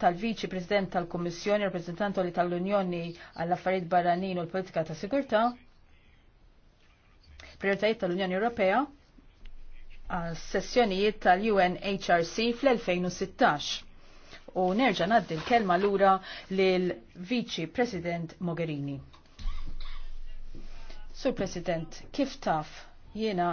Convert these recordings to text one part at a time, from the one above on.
tal-Viċi President tal-Kommissjoni li tal-Unjoni għall-Affarijiet Barranin u l-Politika ta' Sigurtà, prioritajiet tal-Unjoni Ewropea għal sessjonijiet tal-UNHRC fl-2016. U nerġa' ngħaddi l-kelma lura lil Viċi President Mogherini. Sur President, kif taf jiena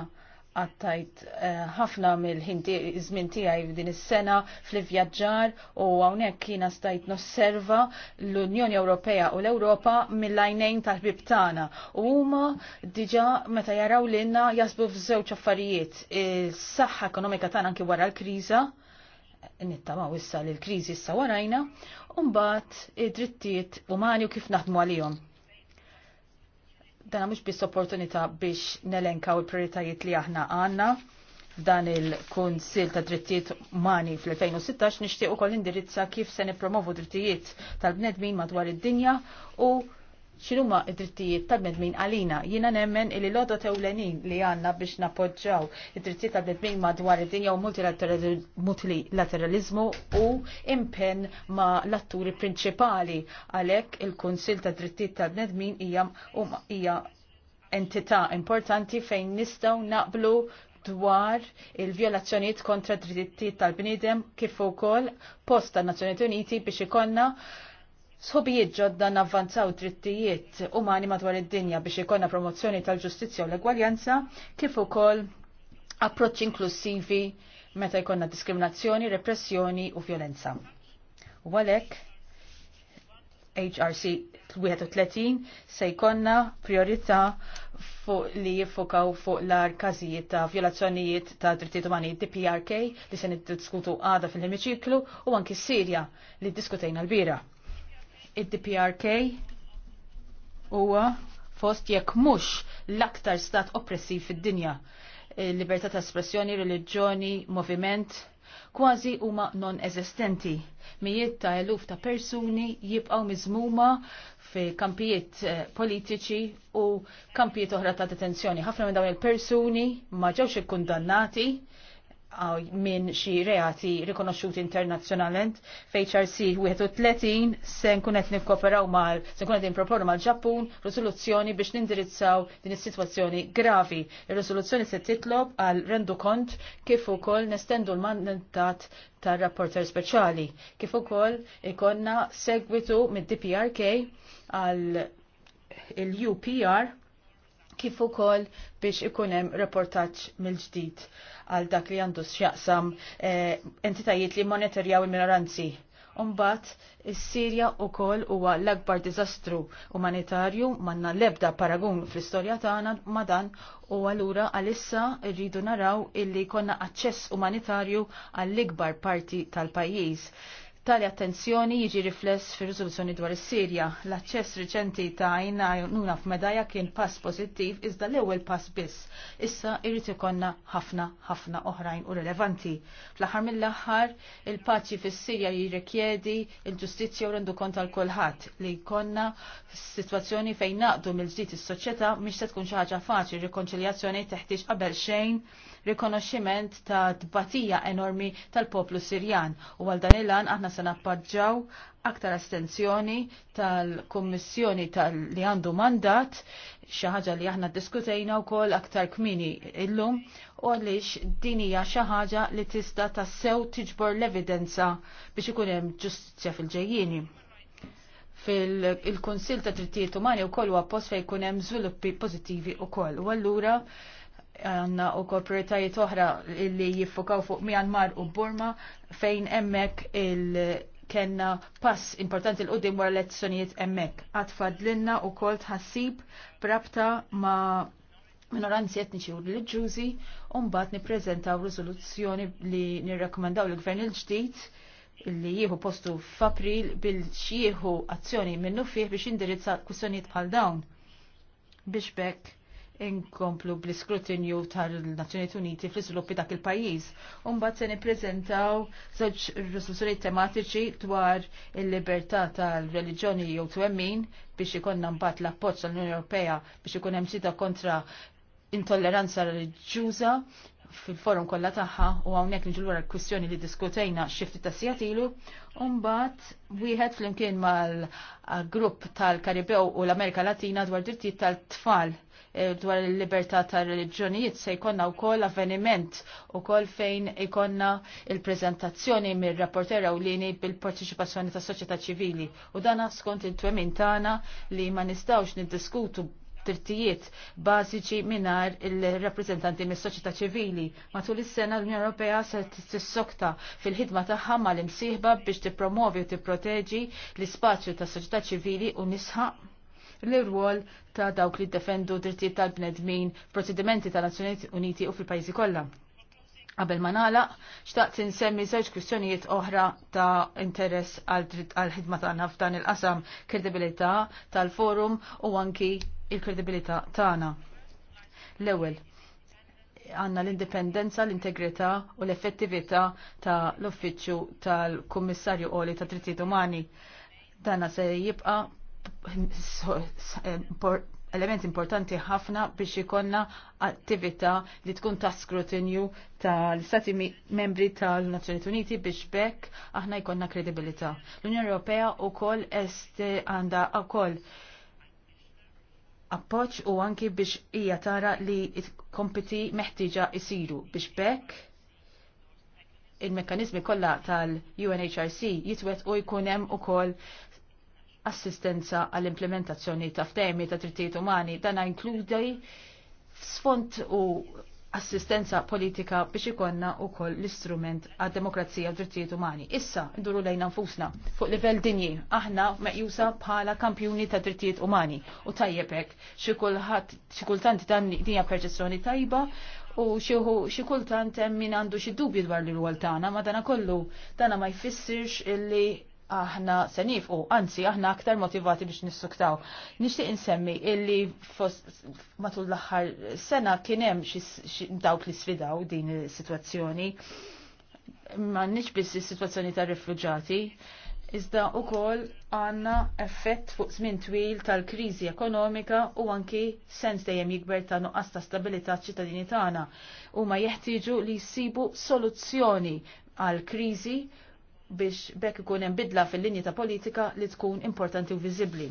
għattajt eh, ħafna mill ħinti żmien tiegħi din is-sena fl-ivvjaġġar u hawnhekk jiena stajt nosserva l-Unjoni Ewropea u l-Ewropa mill-għajnejn tal-ħbib tagħna. U huma diġà meta jaraw lilna jasbu f'żewġ affarijiet is-saħħa ekonomika tagħna anki wara l-kriża nittamaw issa li l-kriżi issa warajna, u mbagħad id-drittijiet umani u kif naħdmu għalihom dan mhux biss opportunità biex nelenkaw il-prioritajiet li aħna għandna f'dan il-Kunsil ta' Drittijiet Umani fl-2016 nixtieq ukoll indirizza kif se nippromovu drittijiet tal-bnedmin madwar id-dinja u xinuma id-drittijiet tal-medmin għalina. Jina nemmen il lodo tewlenin li għanna biex napoġġaw id-drittijiet tal-medmin madwar id-dinja u multilateralizmu u impen ma l-atturi prinċipali għalek il-Konsil ta' drittijiet tal-medmin hija entità importanti fejn nistaw naqblu dwar il-vjolazzjoniet kontra drittijiet tal-bnidem kif ukoll post tan-Nazzjonijiet Uniti biex ikollna Sħobijiet ġodda navvanzaw drittijiet umani madwar id-dinja biex ikonna promozzjoni tal-ġustizzja u l-egwaljanza kif ukoll approċċ inklusivi meta jkollna diskriminazzjoni, repressjoni u violenza. U għalhekk HRC 31 se jkonna priorità fuq li jiffokaw fuq l-ar kazijiet ta' violazzjonijiet ta' drittijiet umani DPRK li se niddiskutu għada fil-hemiċiklu u anki Sirja li diskutejna l-bira id-DPRK huwa fost jekk mhux l-aktar stat oppressiv fid-dinja. Eh, libertà ta' espressjoni, reliġjoni, moviment, kważi huma non-eżistenti. Mijiet ta' eluf ta' persuni jibqgħu miżmuma fi kampijiet eh, politiċi u kampijiet oħra ta' detenzjoni. Ħafna minn dawn il-persuni ma ġewx ikkundannati, minn xi reati rikonoxxuti internazzjonalment f'HRC 31 se nkun qed nikkoperaw mal se nkun qed nipproponu mal-Ġappun risoluzzjoni biex nindirizzaw din is-sitwazzjoni gravi. Ir-risoluzzjoni se titlob għal rendu kont kif ukoll nestendu l-mandat tar-rapporter speċjali. Kif ukoll ikonna segwitu mid-DPRK għal il-UPR kif ukoll biex ikun hemm reportaġġ mill-ġdid għal dak li għandu x'jaqsam eh, entitajiet li monetarjaw il-minoranzi. Umbat, is-Sirja wkoll huwa l-akbar diżastru umanitarju manna l-ebda paragun fl-istorja tagħna ma dan u allura għalissa rridu naraw illi konna aċċess umanitarju għall-ikbar parti tal-pajjiż Tali attenzjoni jiġi rifless fir riżoluzzjoni dwar is-Sirja. L-aċċess riċenti ta' għajna nuna f'medaja kien pass pożittiv iżda l-ewwel pass biss. Issa irrid ikonna ħafna ħafna oħrajn u rilevanti. Fl-aħħar mill-aħħar il-paċi fis-Sirja jirrikjedi il-ġustizzja u rendu kont għal kulħadd li jkollna situazzjoni fejn naqdu mill-ġdid is-soċjetà mhix se tkun xi ħaġa faċli rikonċiljazzjoni teħtieġ qabel xejn rikonoxximent ta' tbatija enormi tal-poplu Sirjan u għal dan il-lan aħna se nappoġġaw aktar astenzjoni tal-Kommissjoni tal li għandu mandat xi ħaġa li aħna diskutejna wkoll aktar kmini illum u għaliex din hija xi ħaġa li tista' tassew tiġbor l-evidenza biex ikun hemm ġustizzja fil-ġejjieni. Fil-Kunsil ta' Drittijiet Umani wkoll huwa post fejn jkun hemm żviluppi pożittivi wkoll. U allura għanna u koprioritajiet oħra li jiffokaw fuq Myanmar u Burma fejn emmek il- kenna pass importanti l-qoddim wara l-elezzjonijiet emmek. Għatfadlinna u kol tħassib brabta ma' minoranzi etniċi u reliġjużi u mbagħad nippreżentaw riżoluzzjoni li nirrakkomandaw l-gvern il-ġdid li jieħu postu f'April bil xieħu azzjoni minnu fih biex indirizza kwistjonijiet bħal dawn. Biex bekk inkomplu bl-iskrutinju tal-Nazzjoniet Uniti fl-iżviluppi dak il-pajjiż. Umbagħad se nippreżentaw żewġ risoluzzjonijiet tematiċi dwar il-libertà tal-reliġjoni jew twemmin biex ikonna mbagħad l-appoġġ tal-Unjoni Ewropea biex ikun hemm kontra intolleranza reliġjuża fil-forum kollha tagħha u hawnhekk niġu lura l-kwistjoni li diskutejna xifti ta' sijatilu, mbagħad wieħed flimkien mal-grupp tal-Karibew u l-Amerika Latina dwar drittijiet tal-tfal e, dwar il-libertà tal-reliġjonijiet se jkollna wkoll avveniment ukoll fejn ikonna il-preżentazzjoni mir-rapporter ewlieni bil-partiċipazzjoni tas soċjetà ċivili u dana skont il-twemmin tagħna li ma nistgħux niddiskutu drittijiet bażiċi minar il-rappreżentanti mis-soċjetà ċivili. Matul is-sena l-Unjoni Ewropea se tissokta fil-ħidma tagħha mal-imsieħba biex tippromovi u tipproteġi l-ispazju tas-soċjetà ċivili u nisħaq l-rwol ta' dawk li defendu drittijiet tal-bnedmin, procedimenti tal-Nazzjonijiet Uniti u fil-pajjiżi kollha. Qabel ma nagħlaq, xtaqt insemmi żewġ kwistjonijiet oħra ta' interess għal ħidma tagħna f'dan il-qasam kredibilità tal-forum u anki il-kredibilità tagħna. L-ewwel għanna l-indipendenza, l-integrità u l-effettività ta' l-uffiċċju tal-Kummissarju Oli ta' Drittijiet Umani. Dana se jibqa element importanti ħafna biex ikonna attività li tkun ta' skrutinju tal-Stati membri tal-Nazzjoni Uniti biex bekk aħna jkonna kredibilità. L-Unjoni Ewropea u koll est għanda u koll appoġġ u anki biex hija tara li kompiti meħtieġa isiru biex bekk il-mekkanizmi kollha tal-UNHRC jitwet u jkun hemm ukoll assistenza għall-implementazzjoni ta' ftehmi ta' trittijiet umani dan inkludi sfond u assistenza politika biex ikonna u koll l-istrument għad demokrazija u drittijiet umani. Issa, nduru lejna nfusna, fuq livell dinji, aħna meqjusa bħala kampjuni ta' drittijiet umani. U tajjebek, xikultant dan dinja perċessjoni tajba, u xikultant min għandu xi dubji dwar l rwaltana tagħna, ma dana kollu, dana ma jfissirx illi aħna se u anzi aħna aktar motivati biex nissuktaw. Nixtieq insemmi illi fost matul l-aħħar sena kien hemm xi dawk li sfidaw din is-sitwazzjoni. Ma nix biss is-sitwazzjoni tar-refuġati, Iżda u kol għanna effett fuq żmien twil tal-kriżi ekonomika u anki sens dejjem jikber ta' nuqqas ta' stabilità ċittadini tagħna. Huma jeħtieġu li jsibu soluzzjoni għal kriżi biex bekk ikun hemm bidla fil-linji ta' politika li tkun importanti u viżibbli.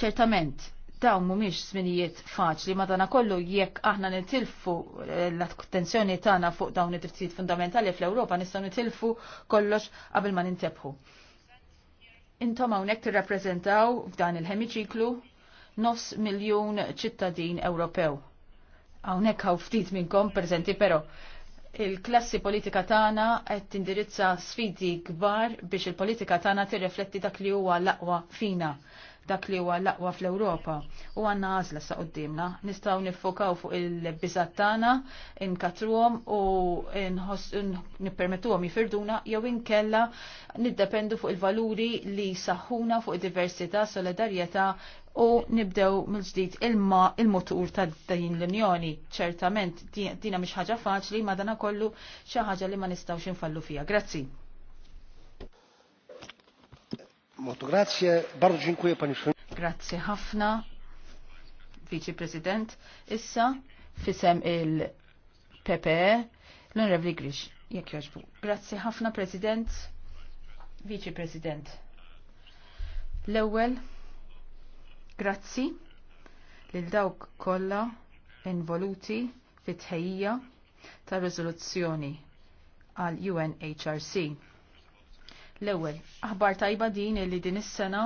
Ċertament, dawn mhumiex żminijiet faċli madana kollu jekk aħna nitilfu eh, l-attenzjoni tagħna fuq dawn id-drittijiet fundamentali fl-Ewropa nistgħu nitilfu kollox qabel ma nintebħu. Intom hawnhekk tirrappreżentaw f'dan il-hemiċiklu nofs miljun ċittadin Ewropew. Hawnhekk hawn ftit minnkom preżenti però il-klassi politika tagħna qed tindirizza sfidi kbar biex il-politika tagħna tirrifletti dak li huwa l-aqwa fina dak li huwa l-aqwa fl-Ewropa. U għanna għazla sa' qoddimna. Nistaw nifokaw fuq il-bizat tagħna, inkatruhom u nippermettuhom jifirduna jew inkella niddependu fuq il-valuri li saħħuna fuq id-diversità, solidarjetà u nibdew mill-ġdid il-ma il-motur ta' din l-Unjoni. Ċertament dina mhix ħaġa faċli ma dana kollu xi ħaġa li ma nistgħux infallu fija. Grazzi. Molto grazie, bardzo dziękuję pani Grazie ħafna, Vice President. Issa, fisem il-PPE, l-Onrevli Grish, jek joġbu. Grazie ħafna, President, Vice President. L-ewel, grazzi lil dawk kollha involuti fit-tħejjija ta' riżoluzzjoni għal UNHRC. L-ewwel, aħbar tajba din li din is-sena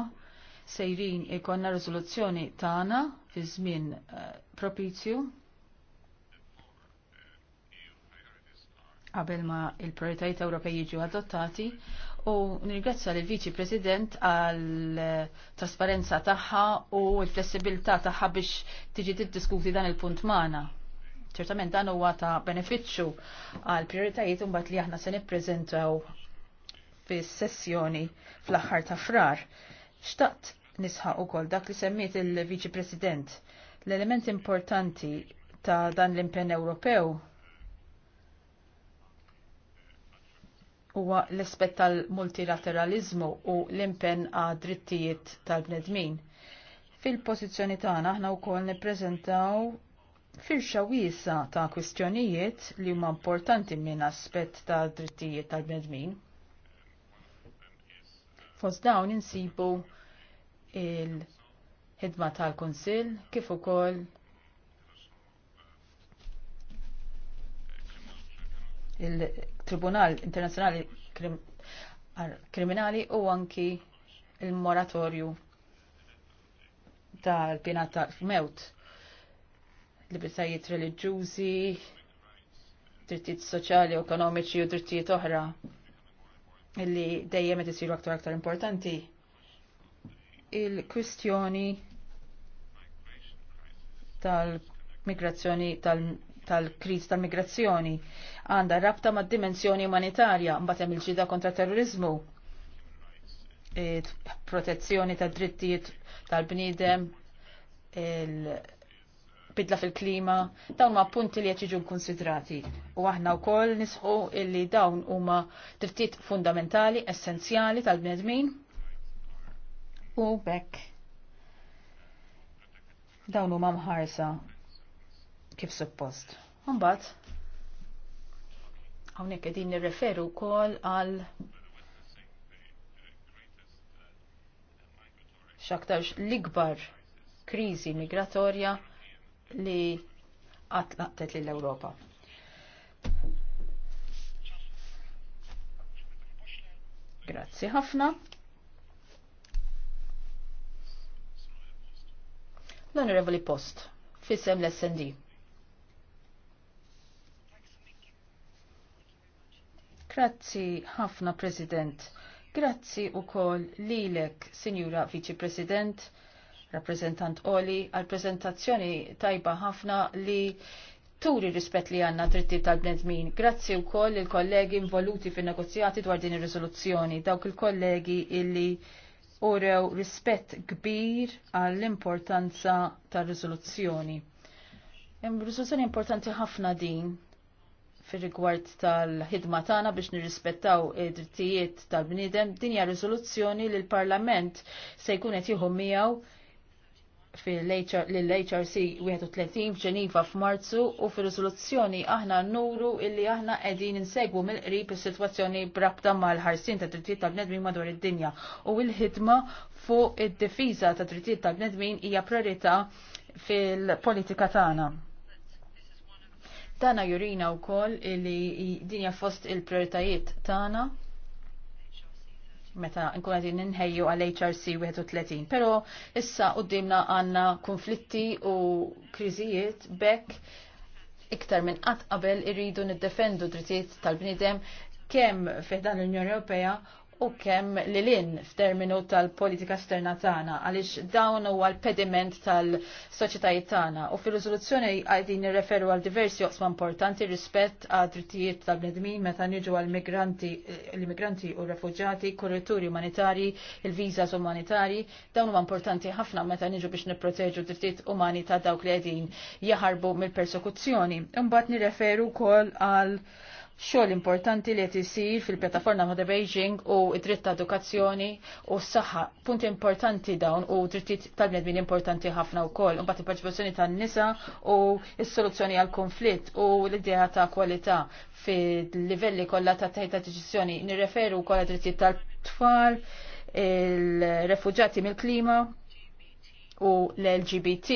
sejrin ikonna riżoluzzjoni tagħna fi żmien eh, propizju qabel ma il-prioritajiet Ewropej jiġu adottati u nirgrazzja l viċi President għal eh, trasparenza tagħha u l-flessibilità tagħha biex tiġi tiddiskuti dan il-punt magħna. Ċertament dan huwa ta' benefiċċju għal prioritajiet imbagħad li aħna se nippreżentaw fis-sessjoni fl-aħħar ta' frar. Xtaqt nisħaq ukoll dak li semmiet il-Viċi President. L-element importanti ta' dan l-impenn Ewropew huwa l espet tal-multilateralizmu u l-impenn għad drittijiet tal-bnedmin. Fil-pożizzjoni tagħna aħna wkoll nippreżentaw firxa wiesa ta' kwistjonijiet li huma importanti minn aspett ta' drittijiet tal-bnedmin. Fos dawn insibu il-ħidma tal-Konsil kif ukoll il-Tribunal Internazzjonali Kriminali u anki il-moratorju tal-pjena tal-mewt libertajiet reliġjużi, drittijiet soċjali, ekonomiċi u drittijiet oħra illi dejjem qed isiru aktar aktar importanti il-kwistjoni tal-migrazzjoni tal-kriz tal migrazzjoni tal kriz tal migrazzjoni għanda rabta mad dimensjoni umanitarja mbagħad hemm il-ġida kontra terrorizmu protezzjoni tad drittijiet tal-bniedem bidla fil-klima, dawn ma punti li jaċiġu konsidrati. U aħna u koll nisħu illi dawn huma tiftit fundamentali, essenzjali tal-bnedmin. U bekk. Dawn huma mħarsa kif suppost. Mbagħad hawnhekk qegħdin nirreferu wkoll għal x'aktarx l-ikbar kriżi migratorja li għatlaqtet lill ewropa Grazzi ħafna. L-Onorevoli Post, fissem l-SND. Grazzi ħafna, President. Grazzi u kol lilek, Sinjura Viċi President rappresentant Oli, għal prezentazzjoni tajba ħafna li turi rispett li għanna dritti tal-bnedmin. Grazzi u koll il-kollegi involuti fin negozjati dwar din ir-riżoluzzjoni, dawk il-kollegi illi urew rispett kbir għall-importanza tal-riżoluzzjoni. Riżoluzzjoni importanti ħafna din fir-rigward tal-ħidma tagħna biex nirrispettaw id-drittijiet tal-bniedem, din hija riżoluzzjoni li l-Parlament se jkun qed jieħu miegħu fil-HRC 31 f'Ġeniva f'Marzu u fil-rizoluzzjoni aħna nuru illi aħna qegħdin insegwu mill-qrib is-sitwazzjoni brabta mal-ħarsin ta' drittijiet tal-bnedmin madwar id-dinja u l-ħidma fuq id-difiża ta' drittijiet tal-bnedmin hija priorità fil-politika tagħna. Tana jurina wkoll li dinja fost il-prioritajiet tagħna meta nkun għadin nħejju għal HRC 31. Pero issa dimna għanna konflitti u kriżijiet bekk iktar minn qatt qabel irridu niddefendu drittijiet tal-bnidem kemm fiħdan l-Unjoni Ewropea u kemm li lin f'terminu tal-politika esterna tagħna għaliex dawn huwa l-pediment tal-soċjetajiet tagħna u fir-riżoluzzjoni qegħdin nirreferu għal diversi oqsma importanti rispett għad drittijiet tal-bnedmin meta niġu għal migranti l-immigranti u refuġjati, korrituri umanitarji, il-viżas umanitarji, dawn huma importanti ħafna meta niġu biex nipproteġu drittijiet umani ta' dawk li qegħdin jaħarbu mill-persekuzzjoni. Imbagħad nirreferu wkoll għal xogħol importanti li qed isir fil-pjattaforma Mother Beijing u id-dritt ta' edukazzjoni u s-saħħa. Punti importanti dawn u drittijiet tal-bnedmin importanti ħafna wkoll. Imbagħad il-parċipazzjoni tan-nisa u s-soluzzjoni għal konflitt u l-idea ta' kwalità fil-livelli kollha ta' tejta deċiżjoni. Nirreferu wkoll drittijiet tal-tfal, il-refuġati mill-klima u l-LGBT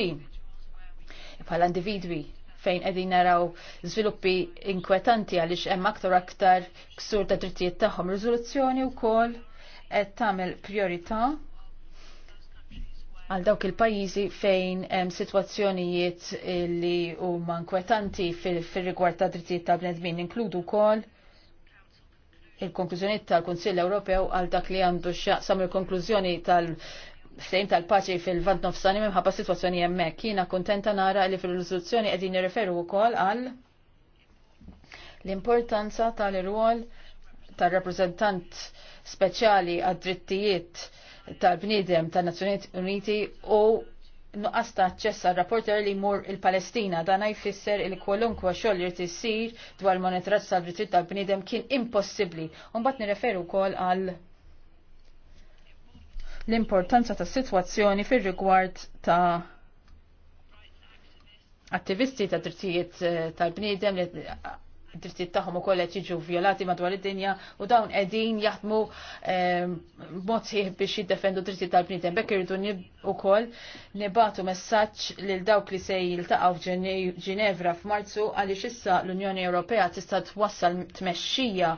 bħala individwi fejn qegħdin naraw żviluppi inkwetanti għaliex hemm aktar aktar ksur ta' drittijiet tagħhom. Riżoluzzjoni wkoll qed tagħmel priorità għal dawk il-pajjiżi fejn hemm sitwazzjonijiet li huma inkwetanti fir-rigward ta' drittijiet ta' bnedmin inkludu wkoll il-konklużjoni tal-Kunsill Ewropew għal dak li għandu xaqsam il-konklużjoni tal- sejm tal-paċi fil-vant nofsani minħabba situazzjoni jemmek. Kina kontenta nara li fil-rizoluzzjoni edin jirreferu u kol għal l-importanza tal-rwol tal reprezentant speċjali għad-drittijiet tal-bnidem tal-Nazzjoniet Uniti u nuqqas ta' ċess rapporter li mur il-Palestina dan jfisser il kwalunkwa xogħol li sir dwar monitoraġġ tal-drittijiet tal-bniedem kien impossibbli. Mbagħad nirreferu wkoll għal l-importanza ta' situazzjoni fir rigward ta' attivisti ta' drittijiet eh, tal-bniedem li drittijiet tagħhom ukoll qed jiġu vjolati madwar id-dinja u dawn qegħdin jaħdmu ehm, mod sieħ biex jiddefendu drittijiet tal-bniedem. Bekk irridu ukoll nibatu messaġġ lil dawk li se jiltaqgħu f'Ġinevra f'Marzu għaliex issa l-Unjoni Ewropea tista' twassal tmexxija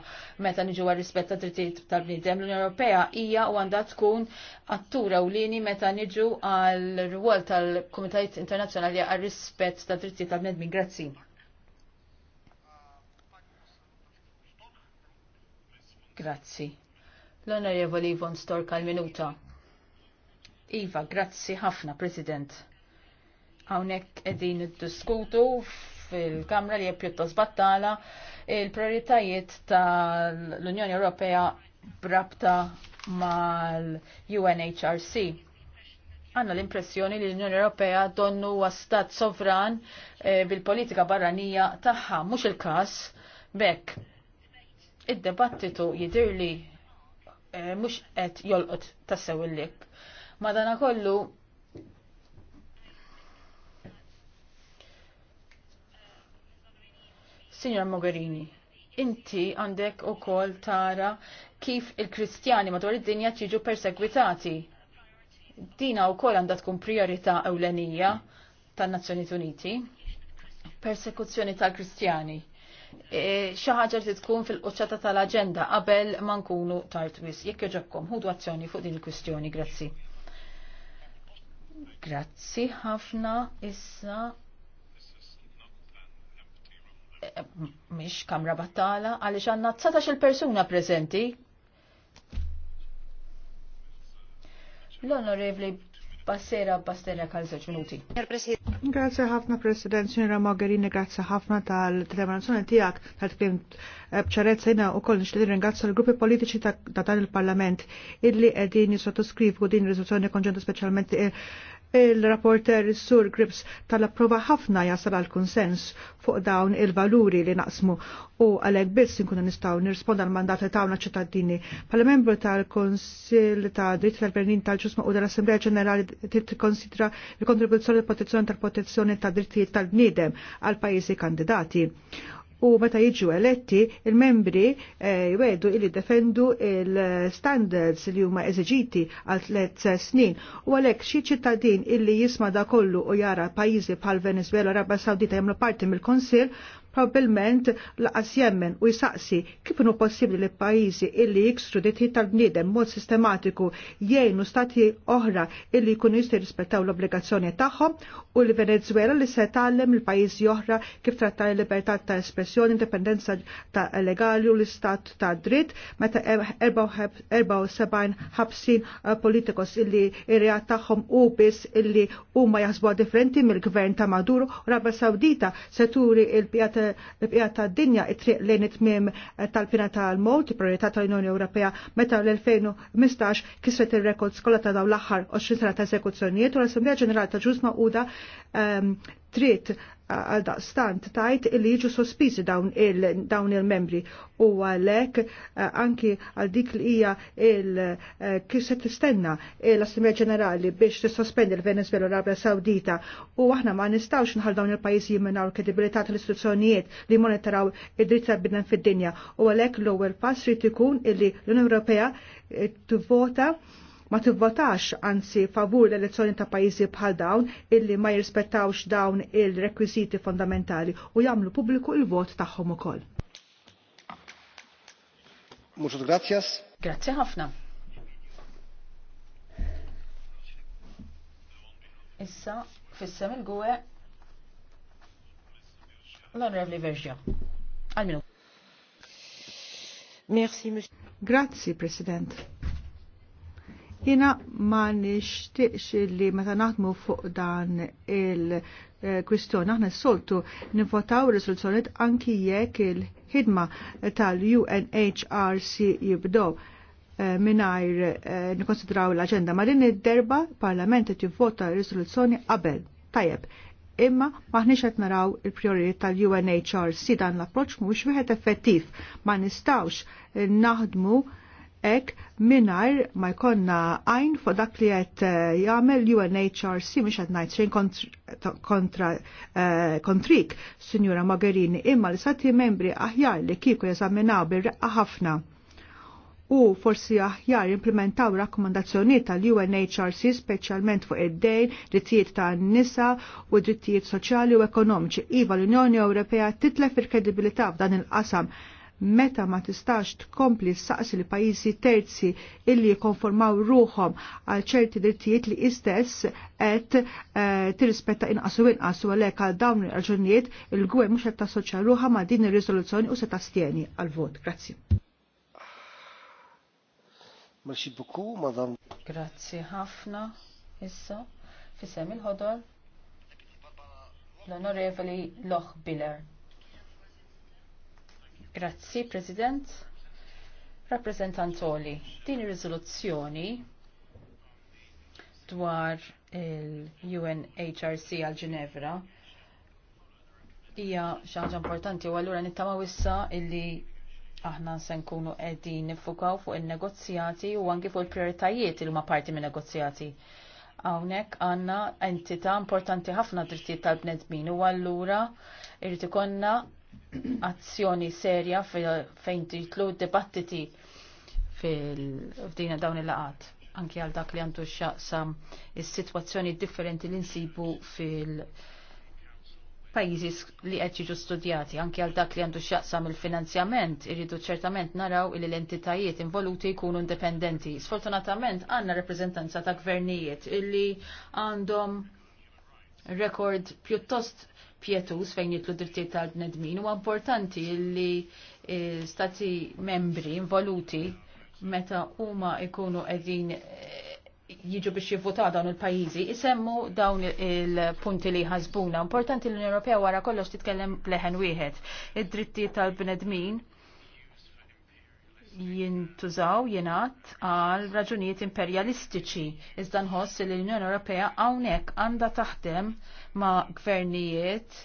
meta niġu għal rispett ta' drittijiet tal-bniedem. L-Unjoni Ewropea hija u għandha tkun attura ewlieni meta niġu għal rwol tal-Kumitajt Internazzjonali għal rispett ta' drittijiet tal-bniedmin. Grazzi. Grazzi. L-Onorevoli Ivon Storka l-minuta. Iva, grazzi ħafna, President. Hawnhekk qegħdin diskutu fil-Kamra li hija battala il-prioritajiet tal-Unjoni Ewropea brabta mal-UNHRC. Għanna l-impressjoni li l-Unjoni Ewropea donnu stat sovran eh, bil-politika barranija tagħha, mhux il-każ bekk id-debattitu jidir li eh, mux qed jolqot tassew il-lib. Madana kollu Signor Mogherini, inti għandek u kol tara kif il-Kristjani madwar id-dinja tiġu persegwitati. Dina u kol għanda tkun priorità ewlenija tan-Nazzjoni Uniti. Persekuzzjoni tal-Kristjani E, Xa ħaġa li tkun fil-quċċata tal-aġenda qabel ma nkunu tartwis. Jekk joġobkom, ħudu azzjoni fuq din il-kwistjoni, grazzi. Grazzi ħafna issa e, mish kamra battala għaliex għandna 19 persuna preżenti. L-Onorevli Bassera Bastera kal minuti. Grazie ħafna President Sinra Mogherini, grazie ħafna tal-determinazzjoni tijak, tal-klim eh, bċarezza jina u koll nixtieq ringrazzja l-gruppi politiċi ta' dan il-Parlament illi qegħdin jisotoskrivu din il-rezoluzjoni konġenta speċjalment eh, Il-rapporter Sur Grips tal-approva ħafna jasal għal konsens fuq dawn il-valuri li naqsmu u għalek biss nkunu nistaw nirrisponda l mandat li tawna ċittadini. Pala membru tal-Konsil ta' dritt tal-Bernin tal-ġusma u dal assemblea Ġenerali trid konsidra il-kontribuzzjoni tal-protezzjoni tal drittijiet tal-bniedem għal pajjiżi kandidati u meta jiġu eletti il-membri eh, jwedu illi defendu il-standards li huma eżeġiti għal tliet snin u għalhekk xi ċittadin illi jisma da kollu u jara pajjiżi bħal Venezuela u Arabja Sawdita jagħmlu parti mill-Konsil l laqas jemmen u jisaqsi kif inhu possibbli li pajjiżi illi jiksru ditħit tal-bniedem mod sistematiku jgħinu stati oħra illi jkunu jistgħu jirrispettaw l-obbligazzjoni tagħhom u li Venezuela li se tgħallem il pajjiżi oħra kif trattar il-libertà ta' espressjoni, indipendenza ta' legali u l-istat ta' dritt meta 74 ħabsin eh, politikos illi ir-reat tagħhom u biss illi huma jaħsbuha differenti mill-gvern ta' Maduro u Rabba Sawdita se turi il-pjat eh, l-bqija tad dinja it-triq lejn it-tmiem tal-pina tal-mod, priorità tal-Unjoni Ewropea meta l-2015 kisret il rekord skola ta' daw l-aħħar 20 sena ta' eżekuzzjonijiet u l-Assemblea Ġenerali ta' Ġusma Uda ehm, trid għal daqstant tajt li jiġu sospiżi dawn il-membri u għalek eh, anki għal dik li hija il-kise eh, tistenna l-Assemblea Ġenerali biex tissospendi l-Venezuela u l-Arabja Sawdita u aħna ma nistawx nħal dawn il-pajjiżi minnaw l-kredibilità tal-istituzzjonijiet li monitoraw id-dritt tal-bidna fid-dinja u għalek l-ewwel pass jrid ikun illi l-Unjoni Ewropea eh, tivvota ma tivvotax anzi favur l-elezzjoni ta' pajjiżi bħal dawn illi ma jirrispettawx dawn il-rekwiżiti fondamentali u jagħmlu pubbliku il-vot tagħhom ukoll. Muchas gracias. Grazie ħafna. Issa, fissem il-gwe l-Onorevli Verġja. Għalminu. Merci, Grazie, President. Jina ma nishtiqx li meta naħdmu fuq dan il-kwistjoni aħna s-soltu nivotaw risoluzzjoniet anki jekk il-ħidma tal-UNHRC jibdow eh, minnajr eh, nikonsidraw l-agenda ma din id-derba parlament qed jivvota risoluzzjoni qabel. Tajjeb, imma maħniex qed naraw il-prijorit tal-UNHRC dan l-approċċ mhuwiex wieħed effettiv. Ma nistgħux naħdmu ek minar ma jkonna għajn fuq dak li qed eh, jagħmel UNHRC mhux qed ngħid xejn kontra eh, kontrik Sinjura Mogherini imma li sati membri aħjar li kieku jeżaminaw bir-reqqa ħafna u forsi aħjar implementaw rakkomandazzjoni tal-UNHRC speċjalment fuq id-dejn, drittijiet ta' nisa u drittijiet soċjali u ekonomiċi. Iva l-Unjoni Ewropea titlef il-kredibilità f'dan il-qasam meta ma tistax tkompli saqsi li pajjiżi terzi illi konformaw ruħom għal ċerti drittijiet li istess qed eh, tirrispetta inqas u inqas u għalhekk għal dawn il raġunijiet il-gwe mhux qed tassoċja ruħa ma' din ir-riżoluzzjoni u se stjeni għal vot. Grazzi. Merci beaucoup, madame. Grazzi ħafna. Issa, fissem il-ħodor. L-onorevoli Loch Biller. Grazzi, President. Rappresentantoli, din ir-riżoluzzjoni dwar il-UNHRC għal Ġinevra hija xi ħaġa importanti u allura nittama' wissa illi aħna se nkunu qegħdin nifukaw fuq in-negozjati u għangi fuq il-prioritajiet li huma parti minn negozjati. Hawnhekk għandna entità importanti ħafna drittijiet tal-bnedmin u allura irritikonna azzjoni serja fejn titlu dibattiti fil-fdina dawn il-laqat anki għal dak li għandu xaqsam is-sitwazzjoni differenti li nsibu fil- pajjiżi li qed jiġu studjati anke għal dak li għandu x'jaqsam il-finanzjament irridu ċertament naraw li l-entitajiet involuti jkunu indipendenti. Sfortunatament għandna rappreżentanza ta' gvernijiet illi għandhom rekord pjuttost pietus fejn jitlu drittijiet tal-bnedmin u importanti li eh, stati membri involuti meta huma ikunu qegħdin eh, jiġu biex jivvotaw dawn il-pajjiżi isemmu dawn il-punti li ħasbuna. Importanti l-Unjoni Ewropea wara kollox titkellem bleħen wieħed. Id-drittijiet tal-bnedmin jintużaw jenat għal raġunijiet imperjalistiċi. Iżda nħoss li l-Unjoni Ewropea hawnhekk għandha taħdem ma' gvernijiet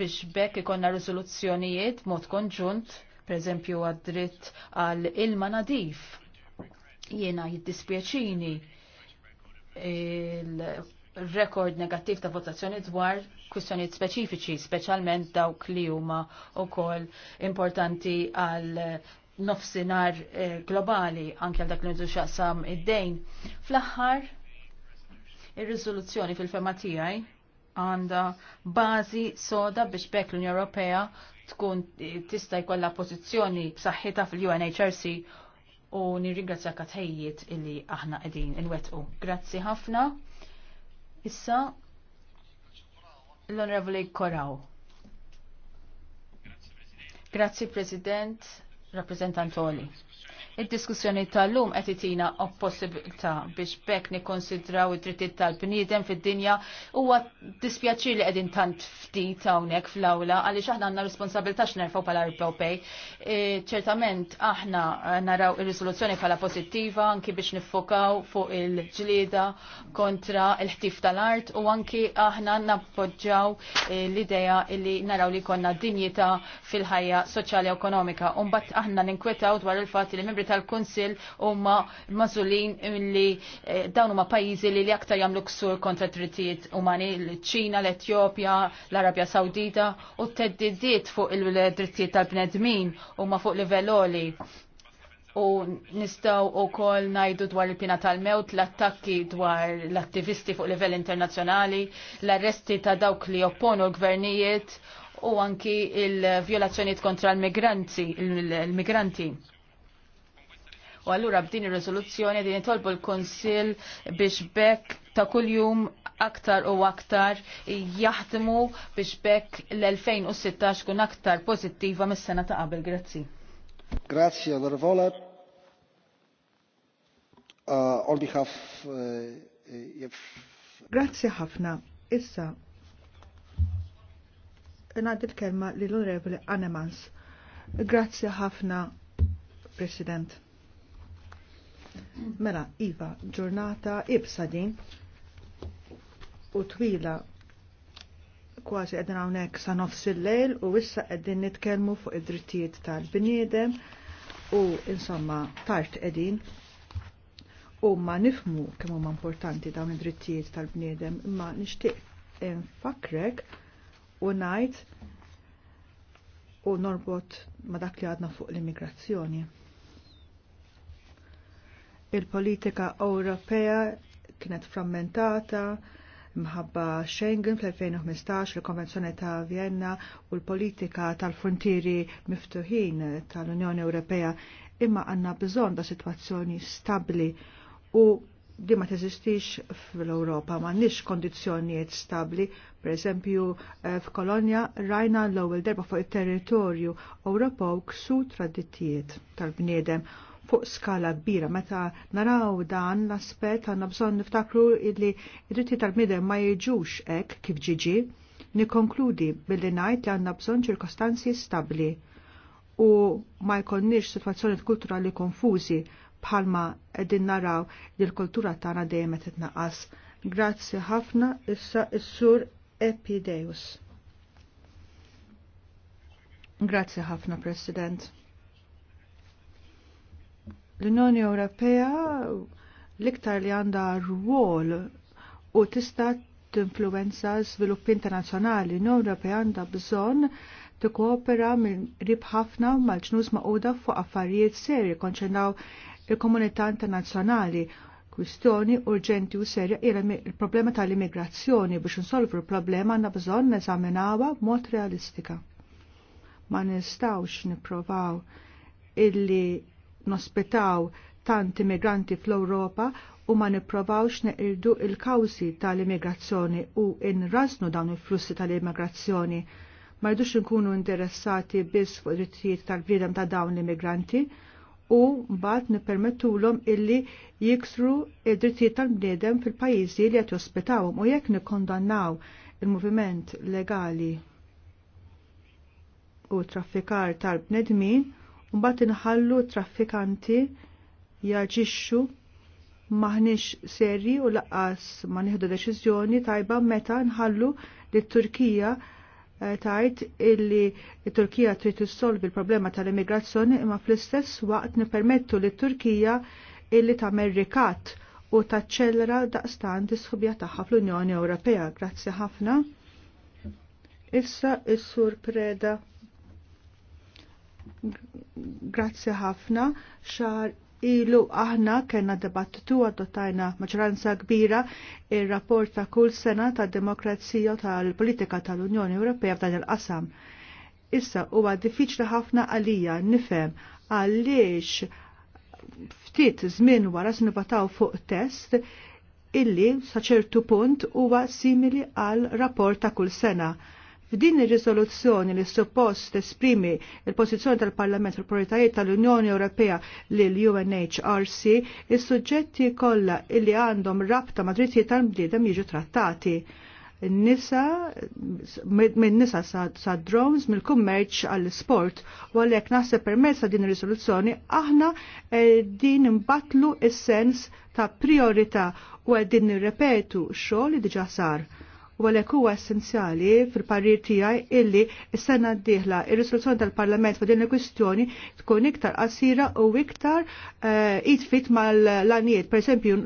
biex bekk ikonna riżoluzzjonijiet mod konġunt, pereżempju għad-dritt għal ilma nadif. Jiena jiddispjaċini il-rekord negattiv ta' votazzjoni dwar kwistjonijiet speċifiċi, speċjalment dawk li huma wkoll importanti għal nofsinar eh, globali anke għal dak li nżu xaqsam id-dejn. Fl-aħħar, ir-riżoluzzjoni fil-fema tiegħi għandha bażi soda biex bekk l-Unjoni Ewropea tkun eh, tista' jkollha pożizzjoni b'saħħitha fil-UNHRC u nirringrazzja katħejjiet illi aħna qegħdin inwettqu. Grazzi ħafna. Issa l-Onorevoli Koraw. Grazzi President rappresentant Id-diskussjoni tal-lum qed itina possibilità biex bekk nikkonsidraw id-drittijiet tal-bniedem fid-dinja huwa dispjaċir li qegħdin tant ftit hawnhekk fl-awla għaliex aħna għandna responsabilità x'nerfgħu bħala Ewropej. E, ċertament aħna naraw ir-riżoluzzjoni bħala pożittiva anki biex niffokaw fuq il-ġlieda kontra il-ħtif tal-art u anki aħna nappoġġaw e, l-idea li naraw li konna dinjita fil-ħajja soċjali ekonomika. Umbat aħna ninkwetaw dwar il-fatt li membri membri tal-Kunsill huma mażulin li eh, dawn huma pajjiżi li aktar jagħmlu ksur kontra drittijiet umani l-Ċina, l-Etjopja, l-Arabja Sawdita u t-teddidiet fuq il-drittijiet tal-bnedmin huma fuq livell oli U nistaw u kol najdu dwar il-pina tal-mewt, l-attakki dwar l-attivisti fuq livell internazjonali, l-arresti ta' dawk li opponu l-gvernijiet u anki il-violazzjoniet kontra l-migranti. U allura b'din ir-riżoluzzjoni din jitolbu l-Kunsill biex bekk ta' kuljum aktar u aktar jaħdmu biex bekk l-2016 kun aktar pozittiva mis-sena ta' qabel. Grazzi. Grazzi, onorevole. Uh, on behalf uh, Grazzi ħafna. Issa, ngħaddi il kelma l onorevoli Annemans. Grazzi ħafna, President. Mela, Iva, ġurnata ibsa din u twila kważi għedin għawnek sa nofs il-lejl u issa għedin nitkelmu fuq id-drittijiet tal-bniedem u insomma tart qegħdin u ma nifmu kemm huma importanti dawn id-drittijiet tal-bniedem imma nixtieq infakrek u ngħid u norbot ma dak li għadna fuq l-immigrazzjoni il-politika Ewropea kienet frammentata mħabba Schengen fl-2015 il-Konvenzjoni ta' Vienna u l-politika tal-frontieri miftuħin tal-Unjoni Ewropea imma għanna bżon da' situazzjoni stabli u di ma teżistix fl-Europa, ma nix kondizjonijiet stabli. Per eżempju, eh, f'Kolonja rajna l-ewwel darba fuq it-territorju Ewropew ksu tradittijiet tal-bniedem fuq skala kbira. Meta naraw dan l-aspet għanna bżon niftakru li id-dritti tal-midem ma jiġux ek kif ġiġi, nikonkludi billi najt li għanna bżon ċirkostanzi stabli u ma jkonniex situazzjoni kulturali konfuzi bħalma din naraw li l-kultura tagħna dejjem qed itnaqqas. Grazzi ħafna issa s-sur Epideus. Grazzi ħafna, President. L-Unjoni Ewropea l-iktar li għandha rwol u tista' tinfluwenza żvilupp internazzjonali l-Unjoni Ewropea għandha bżonn tikkoopera minn rib ħafna mal-ġnus maquda fuq affarijiet seri konċernaw il-komunità internazzjonali kwistjoni urġenti u serja ira il-problema tal-immigrazzjoni biex insolvu l-problema għandna bżonn neżaminawha b'mod realistika. Ma nistawx nipprovaw illi nospitaw tant immigranti fl-Ewropa u ma nipprovawx neqirdu il-kawsi tal-immigrazzjoni u inrasnu dawn il-flussi tal-immigrazzjoni. Ma rridux nkunu interessati biss fuq drittijiet tal-bridem ta' dawn l-immigranti u mbagħad nippermettulhom illi jiksru id-drittijiet tal-bniedem fil-pajjiżi li qed jospitawhom u jekk nikkondannaw il-moviment legali u traffikar tal-bnedmin Mbagħad inħallu traffikanti jaġixxu maħniex serji u laqqas ma nieħdu deċiżjoni tajba meta nħallu li t-Turkija eh, tajt illi t-Turkija trid tissolvi l-problema tal-immigrazzjoni imma fl-istess waqt nipermettu li t-Turkija illi tagħmel rikat u taċċellera daqstant is-sħubja tagħha fl-Unjoni Ewropea. Grazzi ħafna. Issa is-Sur Preda. Grazzi ħafna. Xar ilu aħna kena debattitu għaddotajna maġranza kbira il-rapport ta' kull sena ta' demokrazija tal-politika tal-Unjoni Ewropea f'dan il-qasam. Issa huwa diffiċli ħafna għalija nifhem għaliex ftit żmien wara snivataw fuq test illi sa ċertu punt huwa simili għal rapport ta' kull sena F'din ir-riżoluzzjoni li suppost esprimi il-pożizzjoni tal-Parlament fil proprjetajiet tal-Unjoni Ewropea lil UNHRC, is-suġġetti kollha li għandhom rabta ma' drittijiet tal bliedem jiġu trattati nisa minn nisa sa drones mill kummerċ għall sport u għalhekk naħseb permezz ta' din ir-risoluzzjoni aħna din imbatlu is-sens ta' priorità u qegħdin nirrepetu xogħol li diġà sar u għalek huwa essenzjali fil-parir tiegħi illi s-sena d-dieħla ir-risoluzzjoni tal-Parlament fuq din il-kwistjoni tkun iktar qasira u iktar jitfit eh, mal-lanijiet. Per esempio,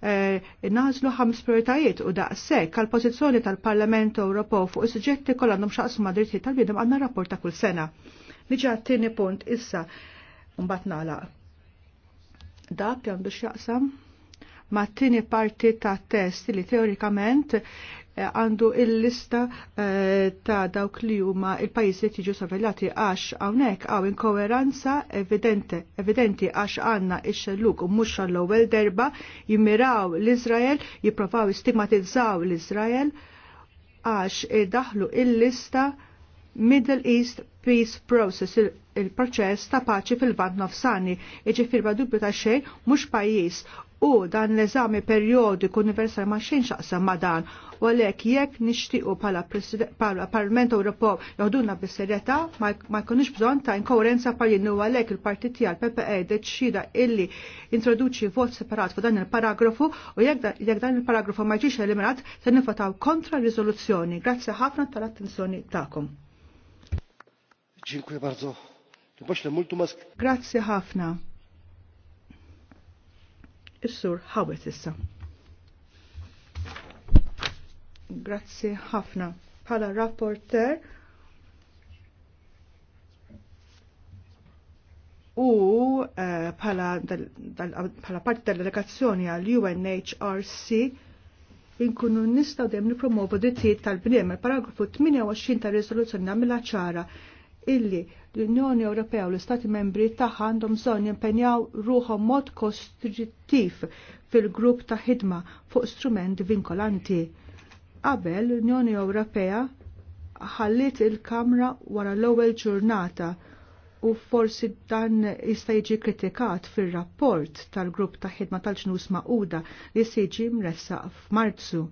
eh, nażlu ħams prioritajiet u daqshekk għal pożizzjoni tal-Parlament Ewropew fuq is-suġġetti kollha għandhom xaqsu ma' drittijiet tal-bidem għandna rapport ta' kull sena. Niġi għat-tieni punt issa mbagħad nagħlaq. Dak għandu x'jaqsam ma' t-tini parti ta' test li teorikament Eh, għandu il-lista eh, ta' dawk li huma il-pajjiżi li tiġu sorveljati għax hawnhekk għaw inkoweranza evidente, evidenti għax għandna ix-xelluk u mhux għall-ewwel derba jimmiraw l-Iżrael, jipprovaw jistigmatizzaw l-Iżrael għax daħlu il-lista Middle East Peace Process, il-proċess ta' paċi fil-vant nofsani, iġifir dubju ta' xej, mux pajis u dan l-eżami periodiku universal ma xin xaqsam ma dan u għalek jekk nishtiqu pala, pala Parlament Ewropew joħduna bis-serjetà ma jkunux bżonn ta' inkoerenza pajjin u għalek il-partit tiegħek PPE deċida illi introduċi vot separat fuq dan il-paragrafu u jekk dan il-paragrafu ma jġiex eliminat se nifataw kontra riżoluzzjoni. Grazzi ħafna tal-attenzjoni tagħkom. Dziękuję bardzo. Grazzi ħafna. Is-sur Hawet issa. Grazzi ħafna. Pala rapporter u pala, eh, dal, parti tal-delegazzjoni għal UNHRC inkunu nistaw dem nipromovu drittijiet tal-bniem. Il-paragrafu 28 tal-risoluzzjoni namilla ċara illi l-Unjoni Ewropea u l-Istati Membri tagħha għandhom bżonn jimpenjaw ruħhom mod kostrittiv fil-grupp ta' ħidma fuq strument vinkolanti. Qabel l-Unjoni Ewropea ħallit il-Kamra wara l-ewwel ġurnata u forsi dan jista' jiġi kritikat fir-rapport tal-grupp ta' ħidma tal-ġnus Mauda li siġi mressaq f'Marzu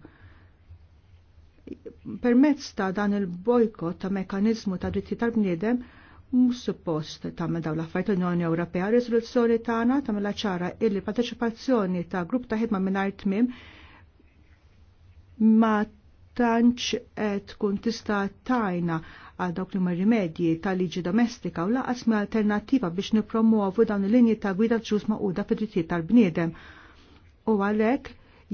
permezz ta' dan il-bojkot ta' mekanizmu ta' dritti tal-bniedem mhux suppost ta' dawn l-affarijiet Unjoni Ewropea, riżoluzzjoni tagħna mela ċara illi parteċipazzjoni ta' grupp ta' ħidma mingħajr tmiem ma tantx qed tkun tista' tajna għal dawk li rimedji ta' liġi domestika u laqas me alternattiva biex nipromuovu dawn il-linji ta' gwida ġus maquda fi drittijiet tal-bniedem. U għalhekk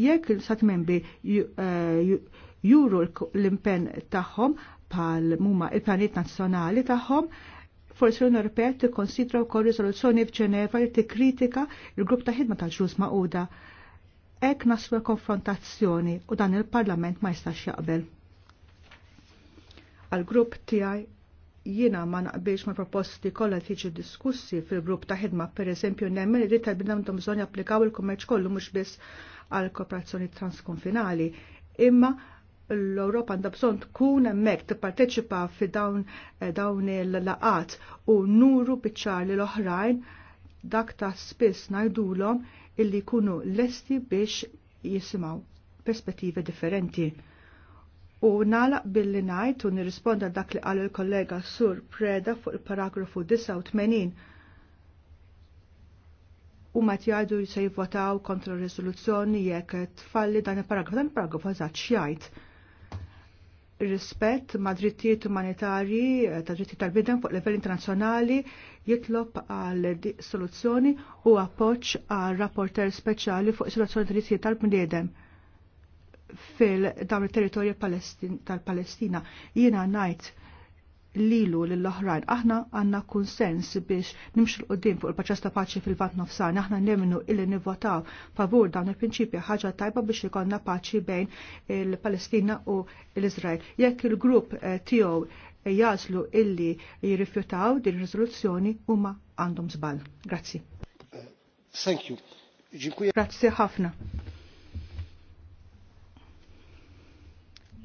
jekk il-sat membri eh, juru l-impen tagħhom pal muma il planet nazzjonali tagħhom forsi l-Unjoni Ewropea tikkonsidra wkoll riżoluzzjoni f'Ġeneva li tikkritika l-grupp ta' ħidma tal-ġuż Magħquda. Hekk naslu konfrontazzjoni u dan il-Parlament ma jistax jaqbel. Għal-grupp tiegħi jiena ma naqbilx ma proposti kollha tiġi diskussi fil-grupp ta' ħidma pereżempju nemmen li tal-bidna dom bżonn japplikaw il-kummerċ kollu mhux biss għal kooperazzjoni transkonfinali imma l-Europa għandha bżonn tkun hemmhekk tipparteċipa fi dawn eh, dawn il-laqat u nuru biċċar l oħrajn dak ta' spiss ngħidulhom illi jkunu lesti biex jisimgħu perspettivi differenti. U nalaq billi ngħid u nirrisponda dak li qal il-kollega Sur Preda fuq il-paragrafu 89 u ma jgħidu se jivvotaw kontra r-riżoluzzjoni jekk tfalli dan il-paragraf dan il-paragraf eżatt x'jgħid rispett ma' drittijiet umanitarji eh, ta' drittijiet tal-bidem fuq livell internazzjonali jitlob għal soluzzjoni u appoġġ għal rapporter speċjali fuq soluzzjoni drittijiet tal-bniedem fil dawn it-territorju tal-Palestina. Jiena ngħid lilu lill-oħrajn. Aħna għanna konsens biex nimxu l-qoddim fuq il paċas ta' paċi fil-vat nofsan. Aħna nemmenu illi nivvotaw favur dawn il-prinċipju ħaġa tajba biex ikonna paċi bejn il-Palestina u l-Izrael. Jekk il-grupp eh, tiegħu jaslu illi jirrifjutaw din riżoluzzjoni huma għandhom żball. Grazzi. Thank you. Grazzi ħafna.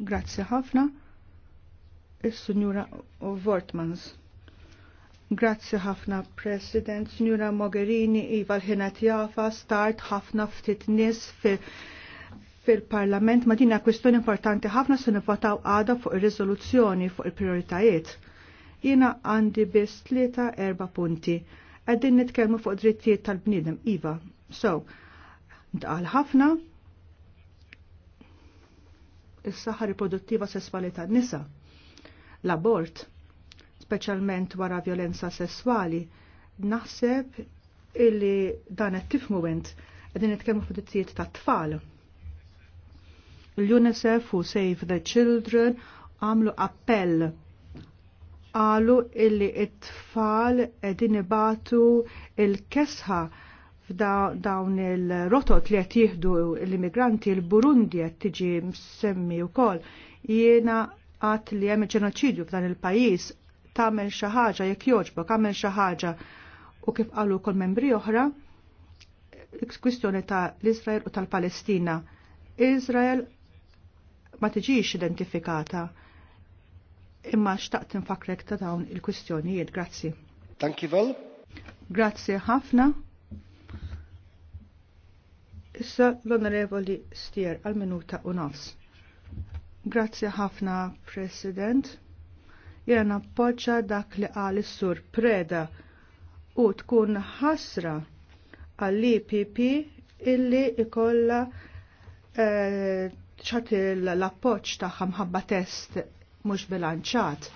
Grazzi ħafna il sinjura Vortmans. Grazzi ħafna, President. Sinjura Mogherini, Iva l-ħinat jafa, start ħafna ftit nis fil-parlament. Ma dina kwestjoni importanti ħafna se nivvotaw għada fuq il-rizoluzzjoni, fuq il-prioritajiet. Jina għandi biss tlieta erba punti. Għaddin nitkellmu fuq drittijiet tal-bnidem, Iva. So, ntqal ħafna is-saħħa riproduttiva sessualità nisa' l-abort, speċjalment wara violenza sessuali, naħseb illi dan qed tifhmu ent qegħdin nitkellmu fuq ta' tfal. L-UNICEF u Save the Children għamlu appell għalu illi it-tfal qegħdin ibatu il-kesħa f'dawn il-rotot li qed jieħdu l-immigranti l-Burundi qed tiġi msemmi wkoll. Jiena għat li hemm ġenoċidju f'dan il-pajjiż tagħmel xi ħaġa jekk jogħġbok għamel xi ħaġa u kif qalu kol membri oħra kwistjoni ta' l-Izrael u tal-Palestina. Izrael ma tiġix identifikata imma xtaqt nfakrek ta' dawn il-kwistjonijiet. Grazzi. Thank you well. Grazzi ħafna. Issa l-Onorevoli Stier għal-minuta u nofs. Grazzi ħafna, President. Jena nappoġġa dak li qal is-sur Preda u tkun ħasra għall-IPP illi ikolla eh, ċat e, l-appoġġ tagħha mħabba test mhux bilanċat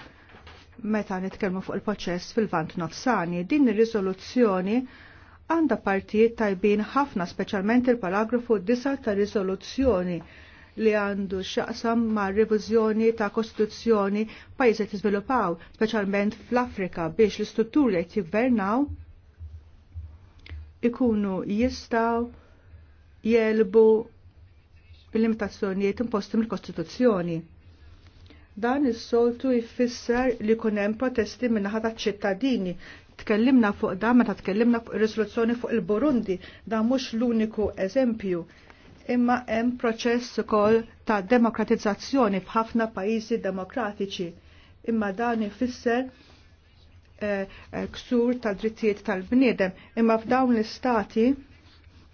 meta nitkellmu fuq il-proċess fil-vant nofsani. Din ir-riżoluzzjoni għandha partijiet tajbin ħafna, speċjalment il-paragrafu 9 ta' riżoluzzjoni li għandu xaqsam ma' revizjoni ta' kostituzzjoni pajjiżet jiżviluppaw, speċjalment fl-Afrika biex l-istrutturi qed jigvernaw ikunu jistaw jelbu il limitazzjonijiet imposti mill-Kostituzzjoni. Dan is-soltu jfisser li kunem hemm protesti minnaħa taċ-ċittadini tkellimna fuq dan meta tkellimna fuq ir-risoluzzjoni fuq il-Burundi, dan mhux l-uniku eżempju imma hemm proċess ukoll ta' demokratizzazzjoni f'ħafna pajjiżi demokratiċi. Imma dan ifisser eh, eh, ksur ta' drittijiet tal-bniedem, imma f'dawn l-istati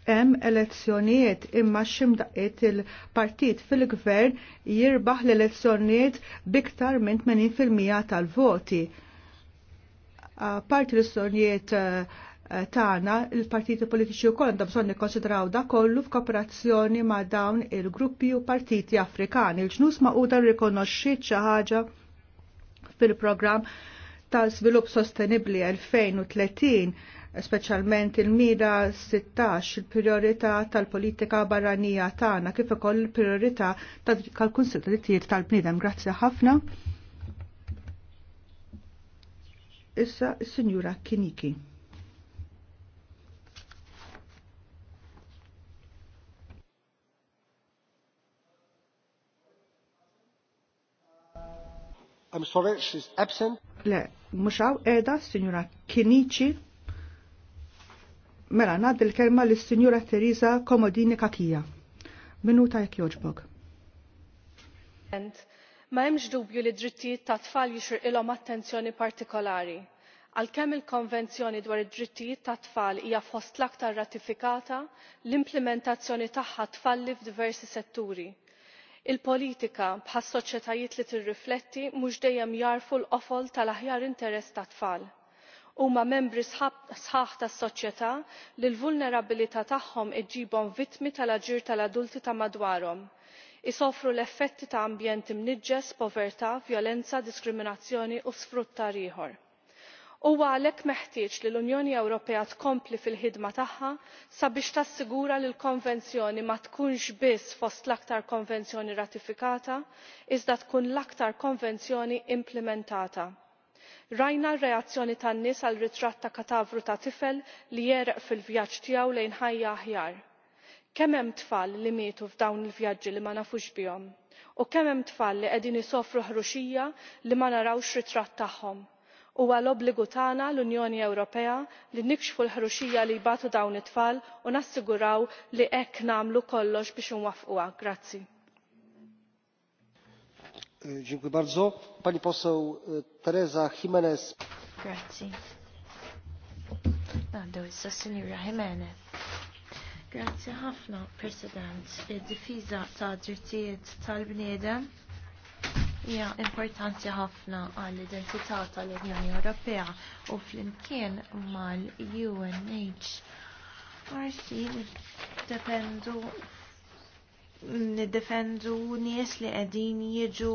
hemm elezzjonijiet imma ximdaqiet il-partit fil-gvern jirbaħ l-elezzjonijiet biktar minn 80% tal-voti. Parti l-elezzjonijiet uh, Tana il-partiti politiċi wkoll għandhom bżonn nikkonsidraw da kollu f'kooperazzjoni ma' dawn il-gruppi u partiti Afrikani. Il-ġnus ma' uda rikonoxxiet xi ħaġa fil-programm ta' svilupp sostenibli 2030 speċjalment il-mira 16 il-priorità tal-politika barranija tagħna kif ukoll il-priorità tal-Kunsill tal-Ittijiet tal-Bniedem. Grazzi ħafna. Issa il sinjura Kiniki. I'm sorry, she's absent. Le, muxaw edha, signora Kinici. Mela, nad il-kelma li signora Teresa Komodini Kakija. Minuta jek joġbog. Ma hemmx dubju li drittijiet ta' tfal jixirqilhom attenzjoni partikolari. Għalkemm il-Konvenzjoni dwar id-drittijiet ta' tfal hija fost l-aktar ratifikata, l-implementazzjoni tagħha tfalli f'diversi setturi il politika bħas soċjetajiet li tirrifletti mhux dejjem jarfu l qofol tal aħjar interess tat tfal huma membri sħaħ tas-soċjetà li l vulnerabilità tagħhom iġġibhom vittmi tal aġir tal-adulti ta' madwarhom isofru l-effetti ta' ambjent imniġġes povertà vjolenza diskriminazzjoni u sfruttar ieħor huwa għalhekk meħtieġ li l-unjoni ewropea tkompli fil-ħidma tagħha sabiex tassigura li l-konvenzjoni ma tkunx biss fost l-aktar konvenzjoni ratifikata iżda tkun l-aktar konvenzjoni implementata. rajna r-reazzjoni tan-nies għal ritratt ta' kadavru ta' tifel li jegħreq fil-vjaġġ tiegħu lejn ħajja aħjar. kemm hemm tfal li mietu f'dawn il-vjaġġi li ma nafux bihom u kemm hemm tfal li qegħdin isofru ħruxija li ma narawx ritratt tagħhom huwa l-obbligu tagħna l-unjoni ewropea li nikxfu l-ħruxija li jbagħtu dawn it-tfal u nassiguraw li hekk nagħmlu kollox biex inwaffquha. grazzi. Eh, e, grazzi. Għandu issa Sinjura Jimenez. Grazzi ħafna, President. Id-difiża ta' drittijiet tal-bniedem hija importanti ħafna għall-identità tal-Unjoni Ewropea u flimkien mal-UNHRC dependu nidefendu nies li qegħdin jiġu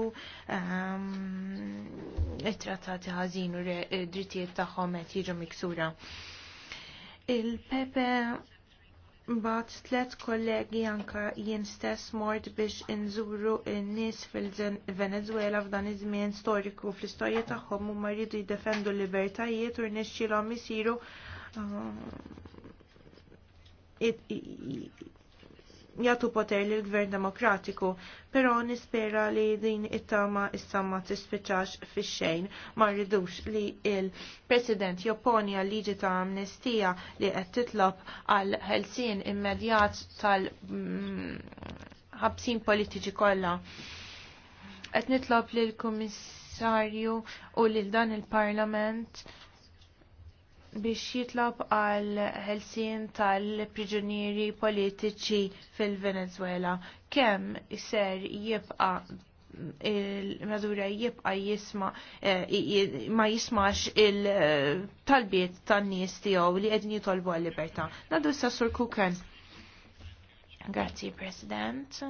ehm, it-trattati ħażin u drittijiet tagħhom qed jiġu miksura. Il-Pepe Mbagħad tliet kollegi anka jien stess mort biex inżuru n-nies fil-Venezuela f'dan iż-żmien storiku fl-istorja tagħhom huma jridu jiddefendu l-libertajiet u rnexxilhom isiru uh, Jatu poter l gvern demokratiku, però nispera li din it-tama issa ma spiċax fix-xejn ma rridux li il-President jopponi għal liġi ta' amnestija li qed titlob għal ħelsien immedjat tal-ħabsin mm, politiċi kollha. Qed nitlob lill-Kummissarju u lil dan il-Parlament biex jitlob għal ħelsien tal-priġunieri politiċi fil-Venezuela. Kem ser jibqa il-Madura jibqa jisma eh, ma jismax il-talbiet tan-nies tiegħu li qegħdin jitolbu għal-libertà. Nadu issa sur Kuken. Grazzi, President.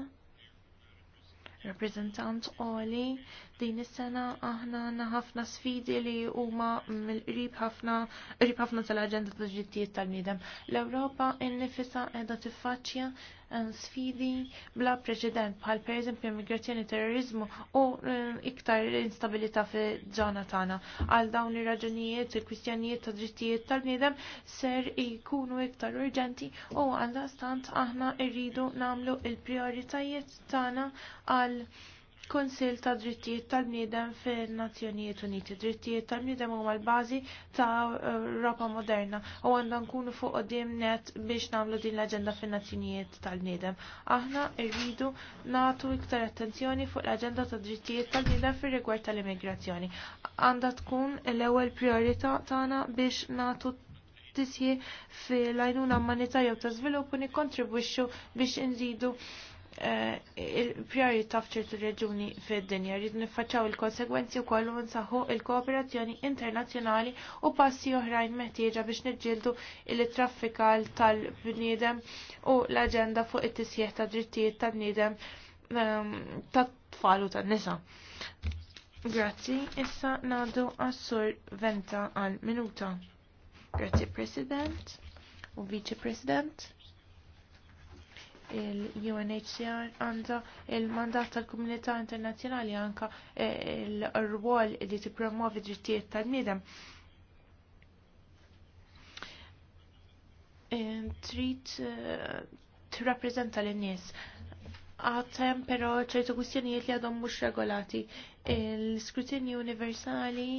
Representant Oli, Din is-sena aħna għandna ħafna sfidi li huma mill-qrib ħafna qrib ħafna tal-aġenda ta' ġittijiet tal-bniedem. L-Ewropa innifisha qiegħda tiffaċċja ehm, sfidi bla preċedent bħal pereżempju immigrazzjoni terrorizmu u ehm, iktar instabilità fiż-żona tagħna. Għal dawn ir-raġunijiet il-kwistjonijiet ta' drittijiet tal-bniedem ser ikunu iktar urġenti u għal stant aħna rridu nagħmlu il-prioritajiet tagħna għal Konsil ta' drittijiet tal-bniedem fil-Nazzjonijiet Uniti. Drittijiet tal-bniedem huma l-bażi ta' Europa moderna u għandna nkunu fuq qudiem net biex nagħmlu din l-aġenda fin-Nazzjonijiet tal-bniedem. Aħna rridu nagħtu iktar attenzjoni fuq l-aġenda ta' drittijiet tal-bniedem fir-rigward tal-immigrazzjoni. Għandha tkun l-ewwel priorità tagħna biex nagħtu tisji fil-għajnuna manita jew ta' żvilupp nikkontribwixxu biex inżidu Eh, il-priorità f'ċertu reġuni fid-dinja. Rridu niffaċċaw il-konsegwenzi wkoll kollu nsaħħu il-kooperazzjoni internazzjonali u passi oħrajn meħtieġa biex niġġieldu il-traffikal tal-bniedem u l-aġenda fuq it-tisjeħ ta' drittijiet tal-bniedem ehm, tat-tfal u tan-nisa. Grazzi, issa nadu għas-sur Venta għal minuta. Grazzi President u Vice President il-UNHCR għandha il-mandat tal-komunità internazzjonali anka eh, il-rwol li tippromovi drittijiet tal-bniedem. Eh, trid eh, tirrappreżenta lin-nies għatem pero ċertu kwistjonijiet li għadhom mhux regolati. Il-skrutinju universali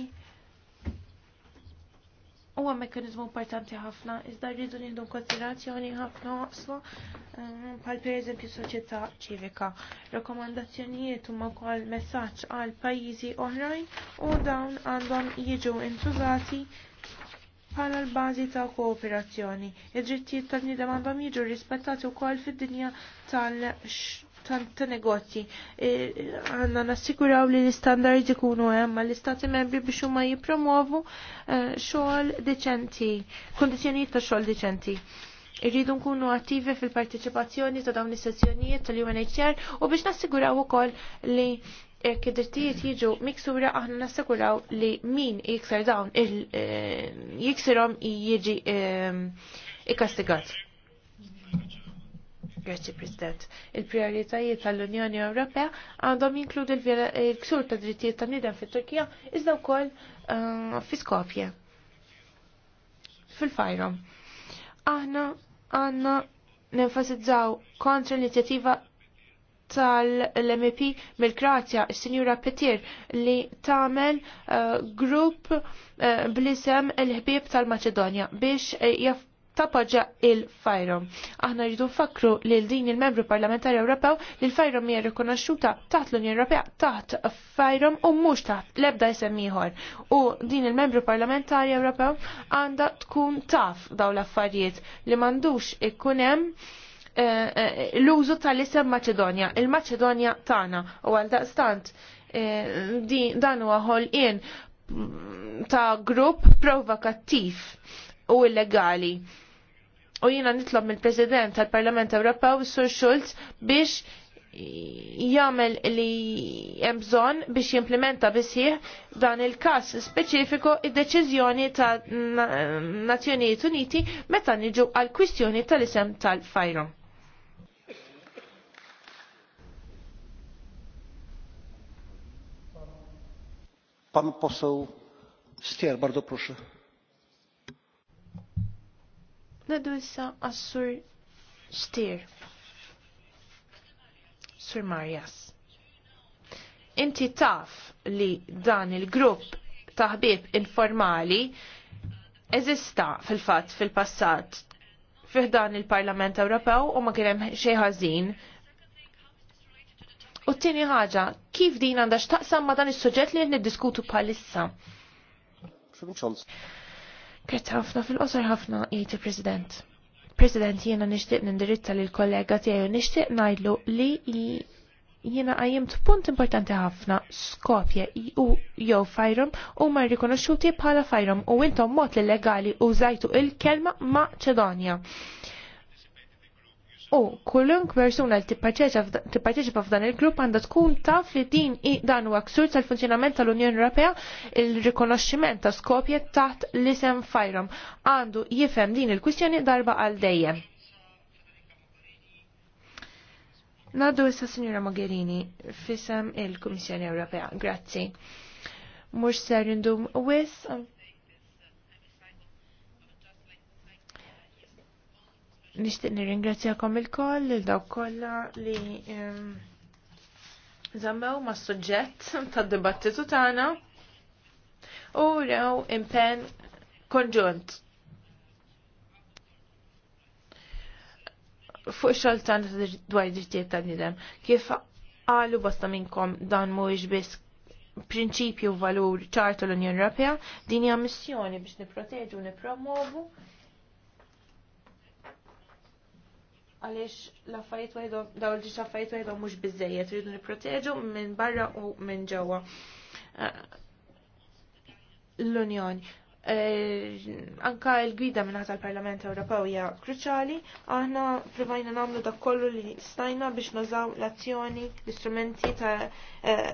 huwa mekkaniżmu importanti ħafna, iżda rridu nindu konsiderazzjoni ħafna waqsma ehm, bħal pereżempju soċjetà ċivika. Rakkomandazzjonijiet huma wkoll messaġġ għal pajjiżi oħrajn u dawn għandhom jiġu intużati bħala l-bażi ta' kooperazzjoni. Id-drittijiet tal-nidem għandhom jiġu rispettati wkoll fid-dinja tal-xogħol ta' negozji. E, għanna nassikuraw li l istandardi kunu hemm l-istati membri biex huma jippromovu e, xogħol deċenti, kondizzjonijiet ta' xogħol deċenti. Irridu nkunu attivi fil-partiċipazzjoni ta' dawn is-sezzjonijiet tal-UNHCR u biex nassiguraw ukoll li jekk id-drittijiet jiġu miksura aħna nassikuraw li min jikser dawn e, jiksirhom jiġi ikastigat. Grazie President. Il-prioritajiet tal-Unjoni Ewropea għandhom jinkludu l-ksur ta' drittijiet ta' nidem fit-Turkija iżda wkoll uh, fi Skopje. Fil-fajrom. Aħna għandna nenfasizzaw kontra l-inizjattiva tal-MP mill-Kroazja, il-Sinjura Petir, li tagħmel uh, grupp uh, blisem il-ħbieb tal-Maċedonja biex tappoġġa il-fajrom. Aħna rridu nfakru li din il-membru parlamentari Ewropew li l-fajrom hija rikonoxxuta taħt l-Unjoni Ewropea taħt fajrom u mhux taħt l-ebda isem ieħor. U din il-membru parlamentari Ewropew għandha tkun taf daw l-affarijiet li m'għandux ikun hemm eh, eh, l-użu tal-isem Maċedonja, il-Maċedonja tagħna u għal daqstant eh, dan huwa ħolqien ta' grupp provokattiv u illegali u jina nitlob mill-President tal-Parlament Ewropew Sur Schulz biex jagħmel li hemm bżonn biex jimplementa bisih dan il-każ speċifiku id-deċiżjoni ta' Nazzjonijiet Uniti meta niġu għal kwistjoni tal-isem tal fajru Pan poseł Stier, bardzo proszę. Nadu issa għassur xtir. Sur Marjas. Inti taf li dan il-grupp taħbib informali eżista fil-fat fil-passat fiħdan il-Parlament Ewropew u ma kienem xeħazin. U t-tini ħaġa, kif din għandax taqsam ma dan is-suġġett li niddiskutu bħalissa? Kret ħafna fil-qosor ħafna jgħid il-President. President jiena nixtieq nindirizza lil kollega tiegħu nixtieq ngħidlu li jiena għajjimt punt importanti ħafna skopje u jew fajrom u ma rikonoxxuti bħala fajrom u intom mod li legali użajtu il-kelma Maċedonja. U kullunk persuna li tipparteċipa f'dan il-grupp għandha tkun taf li din dan huwa ksur tal-funzjonament tal-Unjoni Ewropea il-rikonoxximent ta' skopje taħt l-isem fajrom. Għandu jifem din il-kwistjoni darba għal dejjem. Naddu issa Signora Mogherini fisem il-Kummissjoni Ewropea. Grazzi. Mux ser indum wis Nishtiq nirringrazzjakom il-koll, il-dawk kollha li zammew ma' suġġett tad dibattitu tagħna u rew impen konġunt. Fuq xogħol dwar id-drittijiet tan-nidem. Kif qalu bosta minnkom dan mhuwiex biss prinċipju valur ċartu l-Unjoni Ewropea, din hija missjoni biex nipproteġu u nippromovu għaliex l-affarijiet daw l-affarijiet waħedhom mhux biżejjed rridu nipproteġu minn barra u minn ġewwa eh, l-Unjoni. Eh, anka l-gwida minn ħata l-Parlament Ewropew hija kruċali, aħna provajna nagħmlu dak kollu li stajna biex nużaw l-azzjoni, l-istrumenti ta' eh,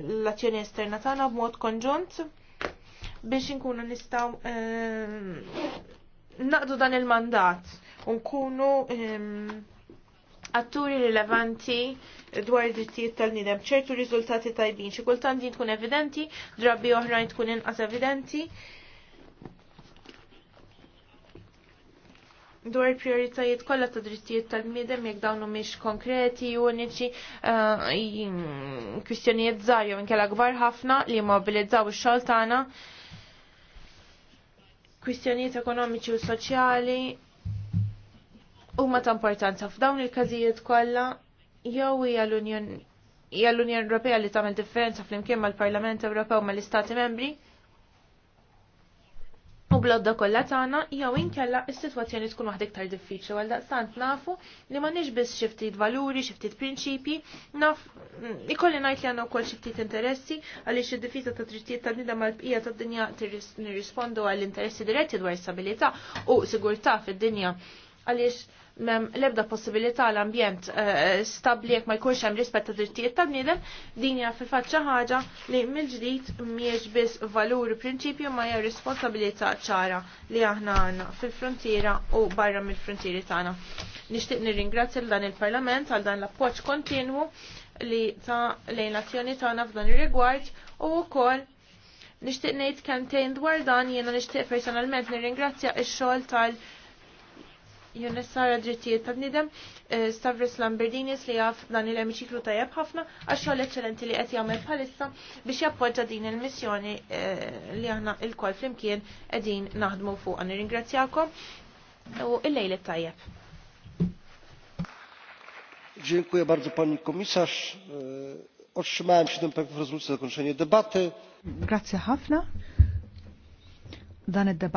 l-azzjoni esterna tagħna b'mod konġunt biex inkunu nistgħu naqdu dan il-mandat unkunu ehm, atturi rilevanti dwar id-drittijiet tal-nidem. ċertu riżultati tajbin, xi kultant din tkun evidenti, drabi oħrajn tkun inqas evidenti. dwar prioritajiet kollha ta' drittijiet tal-bniedem jekk dawn mhumiex konkreti, uniċi, eh, kwistjonijiet żgħar jew inkella kbar ħafna li mobilizzaw ix-xogħol tagħna. Kwistjonijiet ekonomiċi u soċjali, huma ta' importanza f'dawn il-każijiet kollha jew hija l-Unjoni hija l-Unjoni Ewropea li tagħmel differenza flimkien mal-Parlament Ewropew mal-Istati Membri u blodda kollha tagħna jew inkella is-sitwazzjoni tkun waħda iktar diffiċli għal daqstant nafu li nix biss xi ftit valuri, xi ftit prinċipji, naf ikolli ngħid li għandna wkoll xi ftit interessi għaliex id-difiża ta' drittijiet ta' nida mal-bqija tad-dinja nirrispondu għall interessi diretti dwar stabilità u sigurtà fid-dinja għaliex mem lebda possibilità l-ambjent uh, stabli jekk ma jkunx hemm rispett ta' drittijiet ta' bniedem din hija fil-fatt xi ħaġa li mill-ġdid mhijiex biss valur prinċipju ma hija responsabilità ċara li aħna għandna fil-frontiera u barra mill-frontieri tagħna. Nixtieq nirringrazzja dan il-Parlament għal dan l-appoġġ kontinwu li ta' lejn l-azzjoni tagħna f'dan ir-rigward u wkoll nixtieq ngħid kemmtejn dwar dan jiena nixtieq personalment nirringrazzja x-xogħol tal- Jonessara drittijiet ta' nidem eh, Stavros Lamberdinis li għaf dan il-emiċiklu tajab ħafna għaxħol eccellenti li għet jgħamil palissa biex jappoġġa din il-missjoni eh, li għahna il-kol flimkien edin naħdmu fuq għan ringrazzjakom u il-lejl tajab. Dziękuję bardzo pani komisarz. E, otrzymałem 7 projektów rezolucji na zakończenie debaty. Grazie Hafna. Dane debaty.